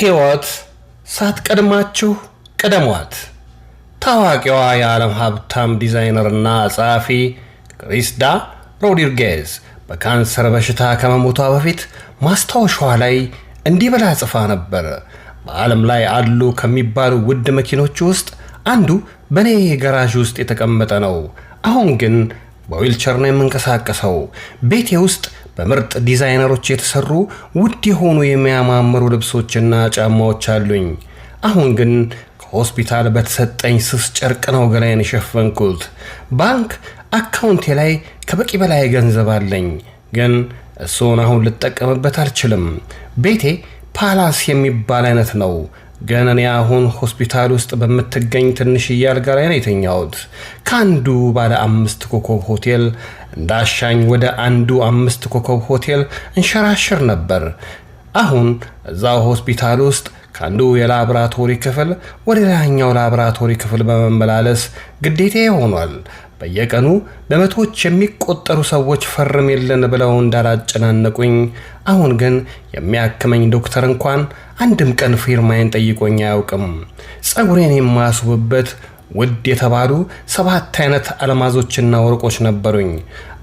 ህይወት ሳትቀድማችሁ ቅደሟት። ታዋቂዋ የዓለም ሀብታም ዲዛይነርና ጸሐፊ ክሪስዳ ሮድሪጌዝ በካንሰር በሽታ ከመሞቷ በፊት ማስታወሻዋ ላይ እንዲህ ብላ ጽፋ ነበር። በዓለም ላይ አሉ ከሚባሉ ውድ መኪኖች ውስጥ አንዱ በእኔ ጋራዥ ውስጥ የተቀመጠ ነው። አሁን ግን በዊልቸር ነው የምንቀሳቀሰው። ቤቴ ውስጥ በምርጥ ዲዛይነሮች የተሰሩ ውድ የሆኑ የሚያማምሩ ልብሶችና ጫማዎች አሉኝ። አሁን ግን ከሆስፒታል በተሰጠኝ ስስ ጨርቅ ነው ገላይን የሸፈንኩት። ባንክ አካውንቴ ላይ ከበቂ በላይ ገንዘብ አለኝ፣ ግን እሱን አሁን ልጠቀምበት አልችልም። ቤቴ ፓላስ የሚባል አይነት ነው። ግን እኔ አሁን ሆስፒታል ውስጥ በምትገኝ ትንሽዬ አልጋ ላይ ነው የተኛሁት። ከአንዱ ባለ አምስት ኮከብ ሆቴል እንዳሻኝ ወደ አንዱ አምስት ኮከብ ሆቴል እንሸራሽር ነበር። አሁን እዛው ሆስፒታል ውስጥ ከአንዱ የላብራቶሪ ክፍል ወደ ሌላኛው ላብራቶሪ ክፍል በመመላለስ ግዴታ ሆኗል። በየቀኑ በመቶዎች የሚቆጠሩ ሰዎች ፈርም የለን ብለው እንዳላጨናነቁኝ፣ አሁን ግን የሚያክመኝ ዶክተር እንኳን አንድም ቀን ፊርማዬን ጠይቆኝ አያውቅም። ጸጉሬን የማስውብበት ውድ የተባሉ ሰባት አይነት አልማዞችና ወርቆች ነበሩኝ።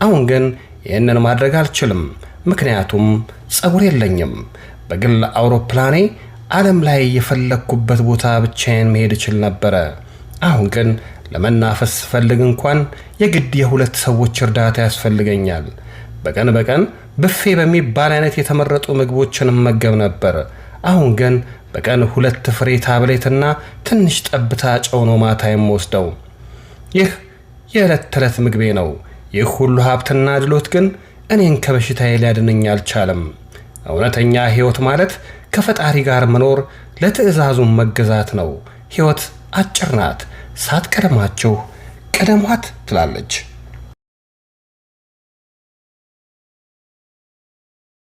አሁን ግን ይህንን ማድረግ አልችልም፣ ምክንያቱም ጸጉር የለኝም። በግል አውሮፕላኔ ዓለም ላይ የፈለግኩበት ቦታ ብቻዬን መሄድ እችል ነበረ። አሁን ግን ለመናፈስ ስፈልግ እንኳን የግድ የሁለት ሰዎች እርዳታ ያስፈልገኛል። በቀን በቀን ብፌ በሚባል አይነት የተመረጡ ምግቦችን እመገብ ነበር። አሁን ግን በቀን ሁለት ፍሬ ታብሌትና ትንሽ ጠብታ ጨው ነው ማታ የምወስደው። ይህ የዕለት ተዕለት ምግቤ ነው። ይህ ሁሉ ሀብትና ድሎት ግን እኔን ከበሽታዬ ሊያድነኝ አልቻለም። እውነተኛ ሕይወት ማለት ከፈጣሪ ጋር መኖር ለትእዛዙም መገዛት ነው። ሕይወት አጭር ናት፣ ሳትቀድማችሁ ቀደሟት ትላለች።